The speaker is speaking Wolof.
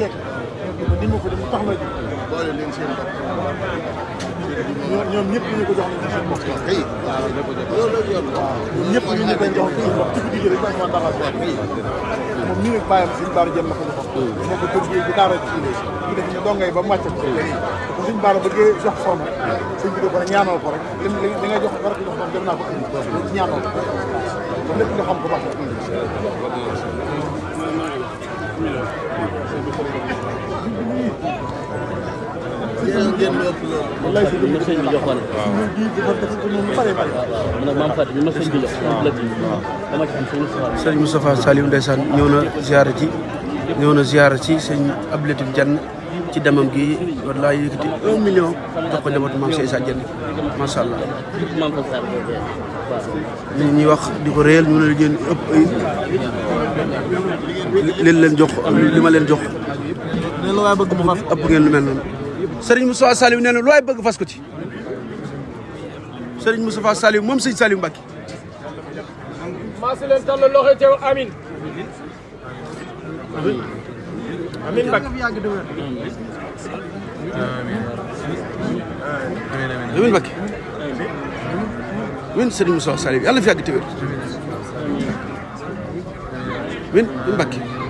di ma ko def mu tax ma ji. boole leen ñoom ñëpp ñu ko jox nañ seen bopp. kay loolu yoon. ñëpp ñu ñu ko jox seen bopp ci guddi gi rek ma dara si moom ñu ngi bàyyam suñu baara jël na ko ñu ko. Mm. moo ko bëggee bu daara ci ñu def ñu dongay ba màcc ko. ko suñu baara bëggee jox forme suñ bi ko rek ñaanal ko rek lim li nga jox war ko jox moom dem naa ko indi ñaanal ko lépp nga xam ko baax ngeen lu ëpp loolu wallahi ci ci ñu ci ci gi wallahi yëkëti 1 million jox ko njabootu maam Seysa Diagne ma sha Allah ñi wax diko ñu ëpp ay leen leen jox leen jox la bëgg mu ëpp ngeen lu mel sëriñ Moustapha Saliou nee na lu waay bëgg fas ko ci sëriñ Moustapha Saliou moom sëñ Saliou Mbacké maa si leen tàll loxo teew amin amin Mbacké amin Mbacké win sëriñ Moustapha Saliou yàlla fi yàgg te wér win Mbacké